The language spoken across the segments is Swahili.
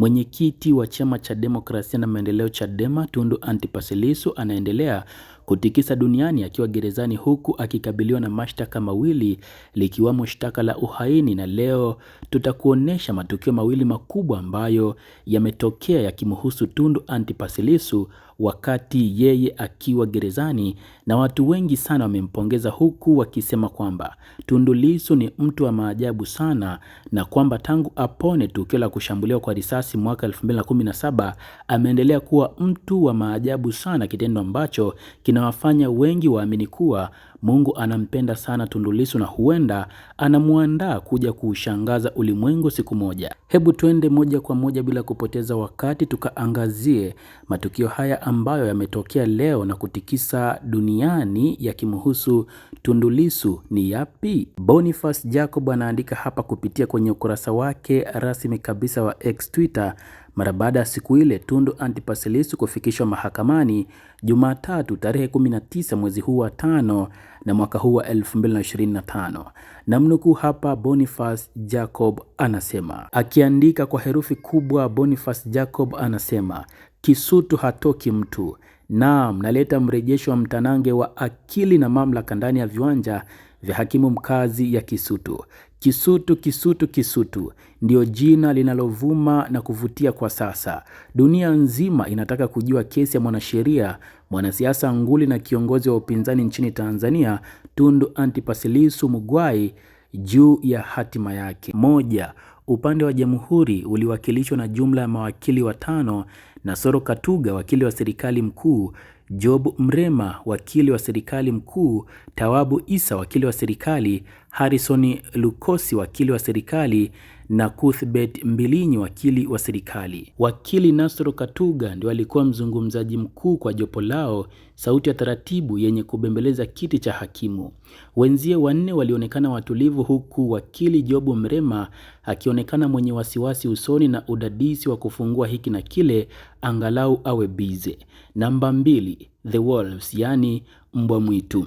Mwenyekiti wa chama cha demokrasia na maendeleo Chadema Tundu Antipas Lissu anaendelea kutikisa duniani akiwa gerezani huku akikabiliwa na mashtaka mawili likiwamo shtaka la uhaini, na leo tutakuonesha matukio mawili makubwa ambayo yametokea yakimhusu Tundu Antipas Lissu wakati yeye akiwa gerezani, na watu wengi sana wamempongeza huku wakisema kwamba Tundu Lissu ni mtu wa maajabu sana, na kwamba tangu apone tukio la kushambuliwa kwa risasi mwaka 2017 ameendelea kuwa mtu wa maajabu sana, kitendo ambacho kina inawafanya wengi waamini kuwa Mungu anampenda sana Tundu Lissu na huenda anamwandaa kuja kuushangaza ulimwengu siku moja. Hebu twende moja kwa moja bila kupoteza wakati tukaangazie matukio haya ambayo yametokea leo na kutikisa duniani yakimhusu Tundu Lissu ni yapi? Boniface Jacob anaandika hapa kupitia kwenye ukurasa wake rasmi kabisa wa X Twitter mara baada ya siku ile Tundu Antipas Lissu kufikishwa mahakamani Jumatatu tarehe 19 mwezi huu wa tano na mwaka huu wa 2025. Namnukuu hapa Boniface Jacob anasema, akiandika kwa herufi kubwa, Boniface Jacob anasema Kisutu hatoki mtu. Naam, naleta mrejesho wa mtanange wa akili na mamlaka ndani ya viwanja vya hakimu mkazi ya Kisutu. Kisutu, Kisutu, Kisutu ndiyo jina linalovuma na kuvutia kwa sasa. Dunia nzima inataka kujua kesi ya mwanasheria, mwanasiasa nguli na kiongozi wa upinzani nchini Tanzania, Tundu Antipas Lissu Mugwai juu ya hatima yake. Moja, upande wa jamhuri uliwakilishwa na jumla ya mawakili watano: Nasoro Katuga, wakili wa serikali mkuu; Job Mrema, wakili wa serikali mkuu; Tawabu Isa, wakili wa serikali; Harrison Lukosi, wakili wa serikali na Cuthbert Mbilinyi, wakili wa serikali. Wakili Nasoro Katuga ndio alikuwa mzungumzaji mkuu kwa jopo lao, sauti ya taratibu yenye kubembeleza kiti cha hakimu. Wenzie wanne walionekana watulivu, huku wakili Jobu Mrema akionekana mwenye wasiwasi usoni na udadisi wa kufungua hiki na kile, angalau awe bize. Namba mbili, The Wolves, yani mbwa mwitu.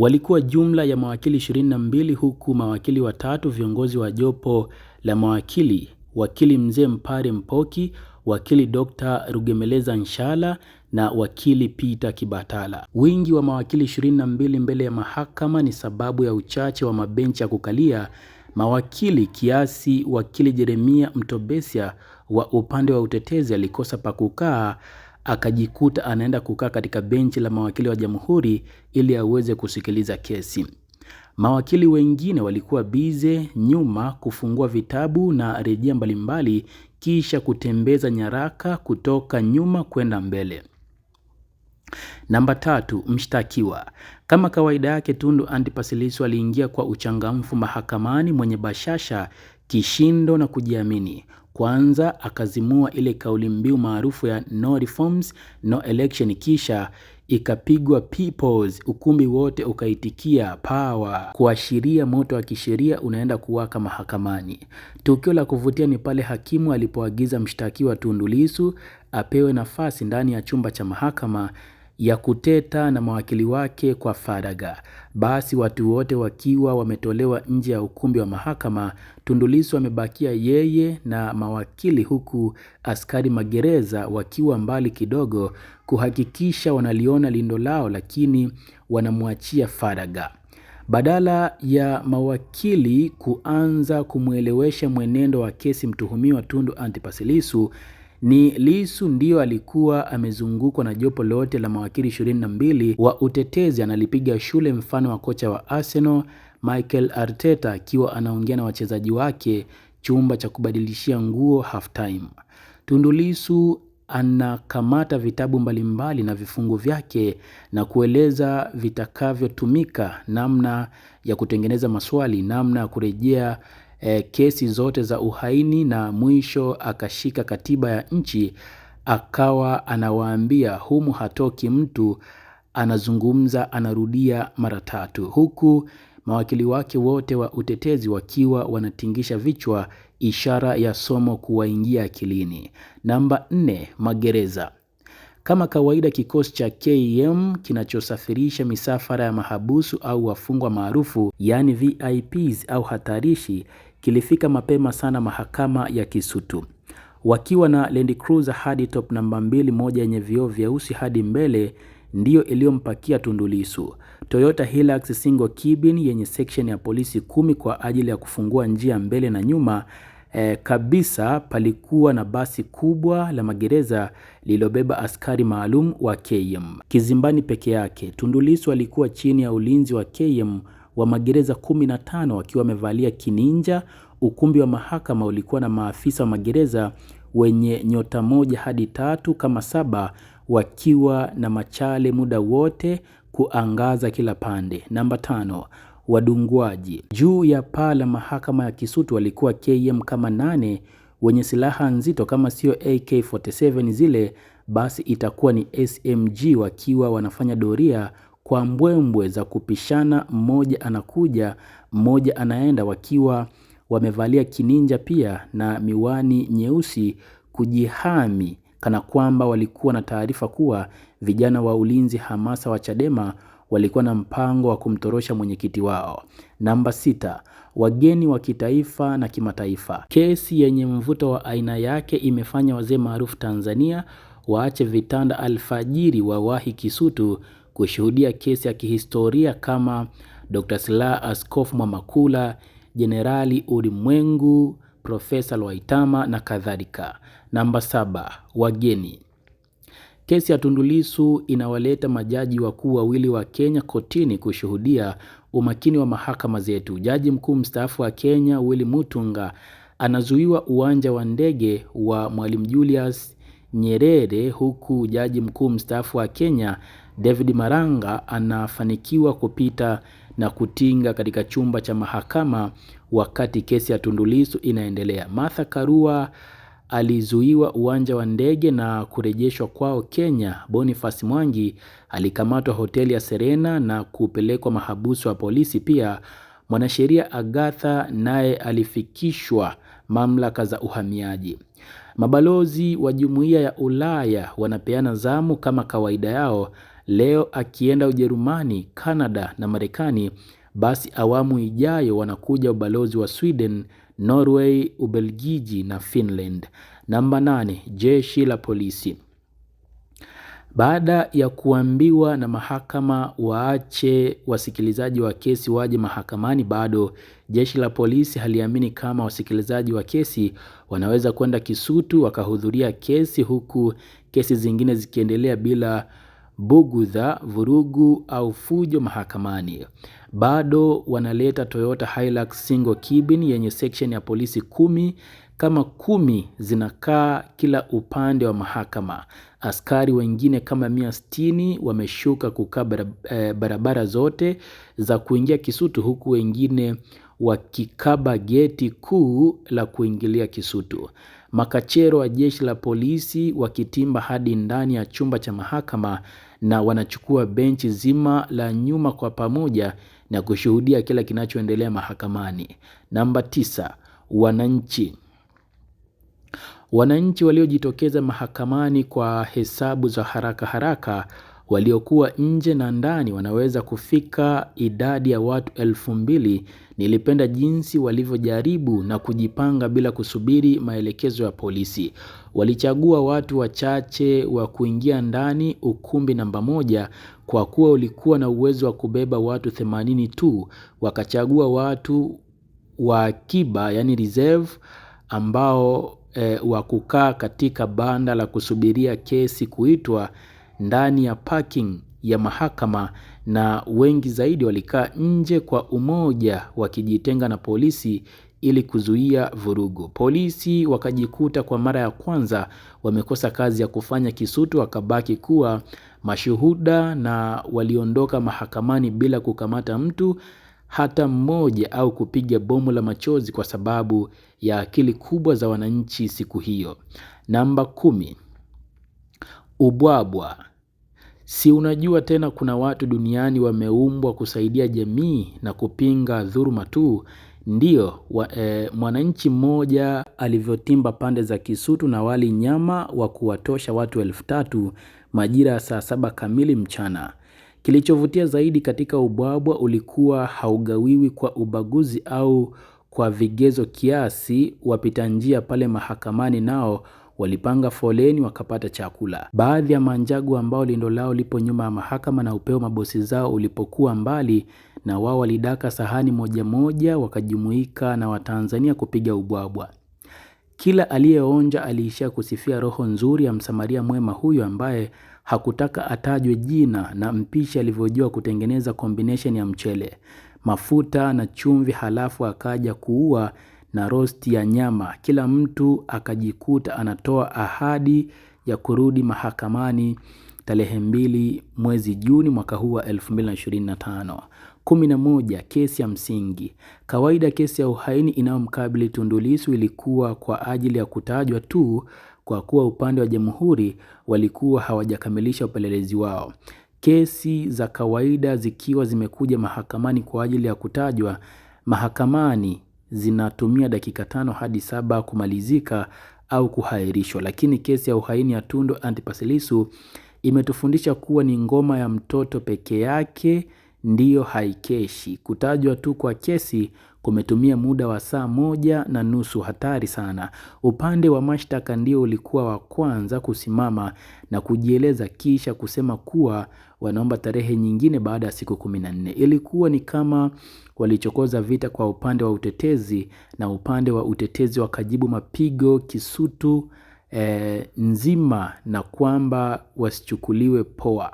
Walikuwa jumla ya mawakili 22 huku mawakili watatu viongozi wa jopo la mawakili, wakili Mzee Mpare Mpoki, wakili Dr. Rugemeleza Nshala na wakili Peter Kibatala. Wingi wa mawakili 22 mbele ya mahakama ni sababu ya uchache wa mabenchi ya kukalia mawakili kiasi wakili Jeremia Mtobesia wa upande wa utetezi alikosa pa kukaa akajikuta anaenda kukaa katika benchi la mawakili wa jamhuri ili aweze kusikiliza kesi. Mawakili wengine walikuwa bize nyuma kufungua vitabu na rejea mbalimbali, kisha kutembeza nyaraka kutoka nyuma kwenda mbele. Namba tatu, mshtakiwa. Kama kawaida yake, Tundu Antipas Lissu aliingia kwa uchangamfu mahakamani, mwenye bashasha, kishindo na kujiamini. Kwanza akazimua ile kauli mbiu maarufu ya no reforms no election, kisha ikapigwa peoples, ukumbi wote ukaitikia power, kuashiria moto wa kisheria unaenda kuwaka mahakamani. Tukio la kuvutia ni pale hakimu alipoagiza mshtakiwa Tundu Lissu apewe nafasi ndani ya chumba cha mahakama ya kuteta na mawakili wake kwa faraga Basi watu wote wakiwa wametolewa nje ya ukumbi wa mahakama, Tundu Lissu amebakia yeye na mawakili, huku askari magereza wakiwa mbali kidogo kuhakikisha wanaliona lindo lao, lakini wanamwachia faraga Badala ya mawakili kuanza kumwelewesha mwenendo wa kesi, mtuhumiwa Tundu Antipas Lissu ni lisu ndiyo alikuwa amezungukwa na jopo lote la mawakili 22 wa utetezi analipiga shule mfano wa kocha wa Arsenal Michael Arteta akiwa anaongea na wachezaji wake chumba cha kubadilishia nguo half time. Tundu lisu anakamata vitabu mbalimbali na vifungu vyake na kueleza vitakavyotumika, namna ya kutengeneza maswali, namna ya kurejea e, kesi zote za uhaini na mwisho akashika katiba ya nchi akawa anawaambia humu hatoki mtu, anazungumza anarudia mara tatu, huku mawakili wake wote wa utetezi wakiwa wanatingisha vichwa, ishara ya somo kuwaingia akilini. Namba nne, magereza. Kama kawaida, kikosi cha KM kinachosafirisha misafara ya mahabusu au wafungwa maarufu, yani VIPs au hatarishi kilifika mapema sana mahakama ya Kisutu wakiwa na Land Cruiser hadi top namba mbili, moja yenye vioo vyeusi hadi mbele ndiyo iliyompakia Tundu Lissu. Toyota Hilux single cabin yenye section ya polisi kumi kwa ajili ya kufungua njia mbele na nyuma. E, kabisa palikuwa na basi kubwa la magereza lililobeba askari maalum wa KM. Kizimbani peke yake Tundu Lissu alikuwa chini ya ulinzi wa KM wa magereza 15 wakiwa wamevalia kininja. Ukumbi wa mahakama ulikuwa na maafisa wa magereza wenye nyota moja hadi tatu kama saba wakiwa na machale muda wote kuangaza kila pande. Namba tano, wadunguaji juu ya paa la mahakama ya Kisutu walikuwa KM kama nane wenye silaha nzito kama sio AK47 zile basi itakuwa ni SMG wakiwa wanafanya doria kwa mbwembwe za kupishana, mmoja anakuja, mmoja anaenda, wakiwa wamevalia kininja pia na miwani nyeusi kujihami, kana kwamba walikuwa na taarifa kuwa vijana wa ulinzi hamasa wa Chadema walikuwa na mpango wa kumtorosha mwenyekiti wao. Namba sita, wageni wa kitaifa na kimataifa. Kesi yenye mvuto wa aina yake imefanya wazee maarufu Tanzania waache vitanda alfajiri, wawahi Kisutu kushuhudia kesi ya kihistoria kama Dr. Slaa Askofu Mwamakula, Jenerali Ulimwengu, Profesa Lwaitama na kadhalika. Namba saba, wageni. Kesi ya Tundu Lissu inawaleta majaji wakuu wawili wa Kenya kotini kushuhudia umakini wa mahakama zetu. Jaji mkuu mstaafu wa Kenya Willy Mutunga anazuiwa uwanja wa ndege wa Mwalimu Julius Nyerere, huku jaji mkuu mstaafu wa Kenya David Maranga anafanikiwa kupita na kutinga katika chumba cha mahakama wakati kesi ya Tundu Lissu inaendelea. Martha Karua alizuiwa uwanja wa ndege na kurejeshwa kwao Kenya. Boniface Mwangi alikamatwa hoteli ya Serena na kupelekwa mahabusu ya polisi. Pia mwanasheria Agatha naye alifikishwa mamlaka za uhamiaji. Mabalozi wa Jumuiya ya Ulaya wanapeana zamu kama kawaida yao leo akienda Ujerumani, Kanada na Marekani, basi awamu ijayo wanakuja ubalozi wa Sweden, Norway, Ubelgiji na Finland. Namba nane, jeshi la polisi. Baada ya kuambiwa na mahakama waache wasikilizaji wa kesi waje mahakamani, bado jeshi la polisi haliamini kama wasikilizaji wa kesi wanaweza kwenda Kisutu wakahudhuria kesi huku kesi zingine zikiendelea bila bugudha, vurugu au fujo mahakamani. Bado wanaleta Toyota Hilux single cabin yenye section ya polisi kumi kama kumi zinakaa kila upande wa mahakama. Askari wengine kama mia sitini wameshuka kukaa eh, barabara zote za kuingia Kisutu, huku wengine wakikaba geti kuu la kuingilia Kisutu. Makachero wa jeshi la polisi wakitimba hadi ndani ya chumba cha mahakama na wanachukua benchi zima la nyuma kwa pamoja na kushuhudia kila kinachoendelea mahakamani. Namba tisa, wananchi. Wananchi waliojitokeza mahakamani kwa hesabu za haraka haraka waliokuwa nje na ndani wanaweza kufika idadi ya watu elfu mbili. Nilipenda jinsi walivyojaribu na kujipanga bila kusubiri maelekezo ya polisi. Walichagua watu wachache wa kuingia ndani ukumbi namba moja kwa kuwa ulikuwa na uwezo wa kubeba watu 80 tu. Wakachagua watu wa akiba yani reserve ambao e, wa kukaa katika banda la kusubiria kesi kuitwa ndani ya parking ya mahakama na wengi zaidi walikaa nje kwa umoja wakijitenga na polisi ili kuzuia vurugu. Polisi wakajikuta kwa mara ya kwanza wamekosa kazi ya kufanya Kisutu wakabaki kuwa mashuhuda na waliondoka mahakamani bila kukamata mtu hata mmoja au kupiga bomu la machozi kwa sababu ya akili kubwa za wananchi siku hiyo. Namba kumi. Ubwabwa Si unajua tena kuna watu duniani wameumbwa kusaidia jamii na kupinga dhuruma tu. Ndiyo, wa, e, mwananchi mmoja alivyotimba pande za Kisutu na wali nyama wa kuwatosha watu elfu tatu majira ya saa saba kamili mchana. Kilichovutia zaidi katika ubwabwa ulikuwa haugawiwi kwa ubaguzi au kwa vigezo kiasi wapita njia pale mahakamani nao walipanga foleni wakapata chakula. Baadhi ya manjagu ambao lindo lao lipo nyuma ya mahakama na upeo mabosi zao ulipokuwa mbali, na wao walidaka sahani moja moja, wakajumuika na Watanzania kupiga ubwabwa. Kila aliyeonja aliishia kusifia roho nzuri ya Msamaria mwema huyo ambaye hakutaka atajwe jina na mpishi alivyojua kutengeneza combination ya mchele, mafuta na chumvi, halafu akaja kuua na rosti ya nyama. Kila mtu akajikuta anatoa ahadi ya kurudi mahakamani tarehe mbili mwezi Juni mwaka huu wa 2025. Kumi na moja. Kesi ya msingi. Kawaida kesi ya uhaini inayomkabili Tundu Lissu ilikuwa kwa ajili ya kutajwa tu kwa kuwa upande wa jamhuri walikuwa hawajakamilisha upelelezi wao. Kesi za kawaida zikiwa zimekuja mahakamani kwa ajili ya kutajwa mahakamani zinatumia dakika tano hadi saba kumalizika au kuhairishwa. Lakini kesi ya uhaini ya Tundu Antipas Lissu imetufundisha kuwa ni ngoma ya mtoto peke yake ndiyo haikeshi. Kutajwa tu kwa kesi kumetumia muda wa saa moja na nusu. Hatari sana. Upande wa mashtaka ndio ulikuwa wa kwanza kusimama na kujieleza kisha kusema kuwa wanaomba tarehe nyingine baada ya siku kumi na nne. Ilikuwa ni kama walichokoza vita kwa upande wa utetezi, na upande wa utetezi wakajibu mapigo kisutu e, nzima, na kwamba wasichukuliwe poa.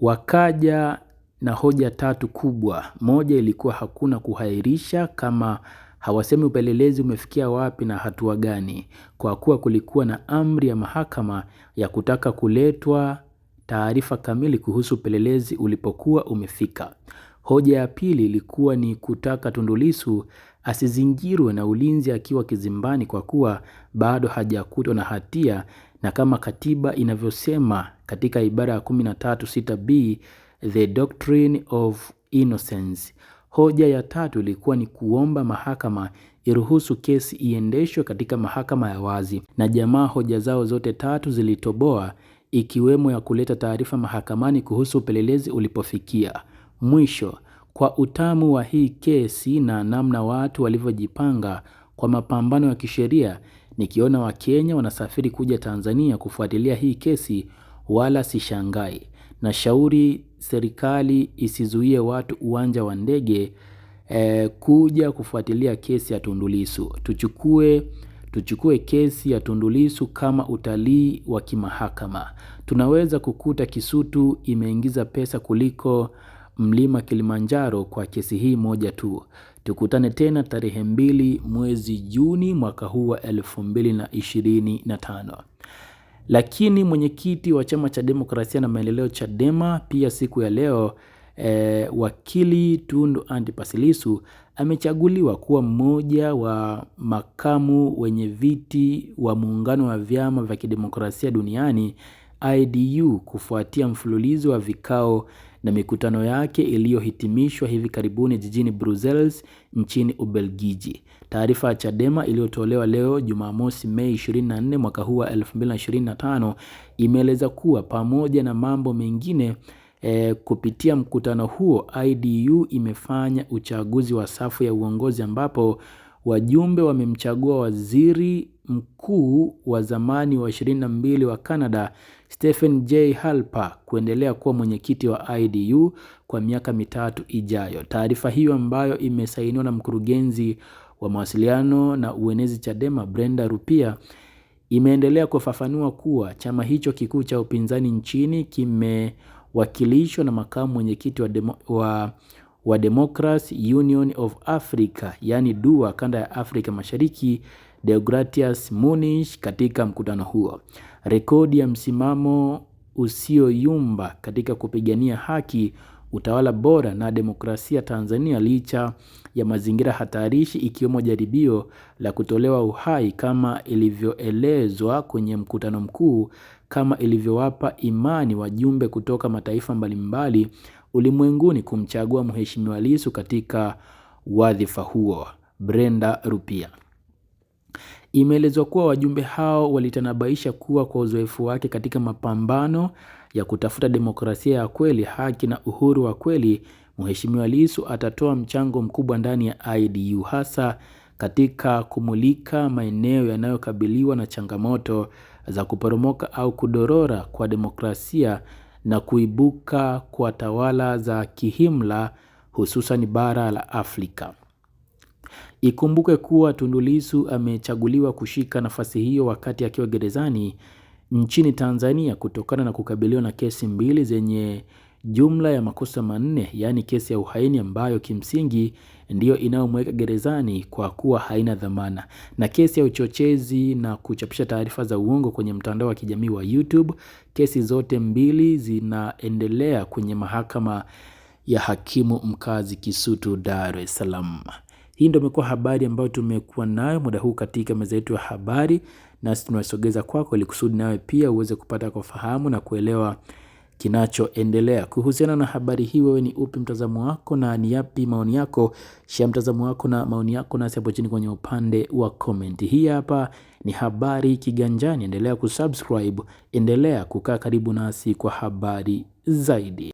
Wakaja na hoja tatu kubwa. Moja ilikuwa hakuna kuhairisha kama hawasemi upelelezi umefikia wapi na hatua gani, kwa kuwa kulikuwa na amri ya mahakama ya kutaka kuletwa taarifa kamili kuhusu upelelezi ulipokuwa umefika. Hoja ya pili ilikuwa ni kutaka Tundu Lissu asizingirwe na ulinzi akiwa kizimbani kwa kuwa bado hajakutwa na hatia na kama katiba inavyosema katika ibara ya 13.6b the doctrine of innocence. Hoja ya tatu ilikuwa ni kuomba mahakama iruhusu kesi iendeshwe katika mahakama ya wazi, na jamaa hoja zao zote tatu zilitoboa ikiwemo ya kuleta taarifa mahakamani kuhusu upelelezi ulipofikia. Mwisho, kwa utamu wa hii kesi na namna watu walivyojipanga kwa mapambano ya kisheria, nikiona Wakenya wanasafiri kuja Tanzania kufuatilia hii kesi, wala sishangai. Nashauri serikali isizuie watu uwanja wa ndege eh, kuja kufuatilia kesi ya Tundu Lissu. Tuchukue Tuchukue kesi ya tundulisu kama utalii wa kimahakama. Tunaweza kukuta Kisutu imeingiza pesa kuliko mlima Kilimanjaro kwa kesi hii moja tu. Tukutane tena tarehe mbili mwezi Juni mwaka huu wa elfu mbili na ishirini na tano. Lakini mwenyekiti wa chama cha demokrasia na maendeleo Chadema pia siku ya leo e, wakili Tundu Antipas Lissu amechaguliwa kuwa mmoja wa makamu wenye viti wa muungano wa vyama vya kidemokrasia duniani IDU kufuatia mfululizo wa vikao na mikutano yake iliyohitimishwa hivi karibuni jijini Brussels nchini Ubelgiji. Taarifa ya Chadema iliyotolewa leo Jumamosi Mei 24 mwaka huu wa 2025 imeeleza kuwa pamoja na mambo mengine E, kupitia mkutano huo IDU imefanya uchaguzi wa safu ya uongozi ambapo wajumbe wamemchagua waziri mkuu wa zamani wa 22 wa Canada Stephen J. Halper kuendelea kuwa mwenyekiti wa IDU kwa miaka mitatu ijayo. Taarifa hiyo ambayo imesainiwa na mkurugenzi wa mawasiliano na uenezi Chadema Brenda Rupia imeendelea kufafanua kuwa chama hicho kikuu cha upinzani nchini kime wakilishwa na makamu mwenyekiti wa, demo, wa, wa Democracy Union of Africa yani DUA kanda ya Afrika Mashariki Deogratias Munish katika mkutano huo. Rekodi ya msimamo usioyumba katika kupigania haki, utawala bora na demokrasia Tanzania licha ya mazingira hatarishi ikiwemo jaribio la kutolewa uhai kama ilivyoelezwa kwenye mkutano mkuu kama ilivyowapa imani wajumbe kutoka mataifa mbalimbali ulimwenguni kumchagua Mheshimiwa Lissu katika wadhifa huo. Brenda Rupia Imeelezwa kuwa wajumbe hao walitanabaisha kuwa kwa uzoefu wake katika mapambano ya kutafuta demokrasia ya kweli, haki na uhuru wa kweli, Mheshimiwa Lissu atatoa mchango mkubwa ndani ya IDU hasa katika kumulika maeneo yanayokabiliwa na changamoto za kuporomoka au kudorora kwa demokrasia na kuibuka kwa tawala za kihimla hususan bara la Afrika. Ikumbuke kuwa Tundu Lissu amechaguliwa kushika nafasi hiyo wakati akiwa gerezani nchini Tanzania kutokana na kukabiliwa na kesi mbili zenye jumla ya makosa manne, yaani kesi ya uhaini ambayo kimsingi ndiyo inayomweka gerezani kwa kuwa haina dhamana, na kesi ya uchochezi na kuchapisha taarifa za uongo kwenye mtandao wa kijamii wa YouTube. Kesi zote mbili zinaendelea kwenye mahakama ya hakimu mkazi Kisutu, Dar es Salaam. Hii ndio imekuwa habari ambayo tumekuwa nayo muda huu katika meza yetu ya habari, nasi tunasogeza kwako ili kusudi nawe pia uweze kupata kwa fahamu na kuelewa kinachoendelea. Kuhusiana na habari hii, wewe ni upi mtazamo wako na ni yapi maoni yako? Shia mtazamo wako na maoni yako nasi hapo chini kwenye upande wa comment. Hii hapa ni habari Kiganjani. Endelea kusubscribe, endelea kukaa karibu nasi kwa habari zaidi.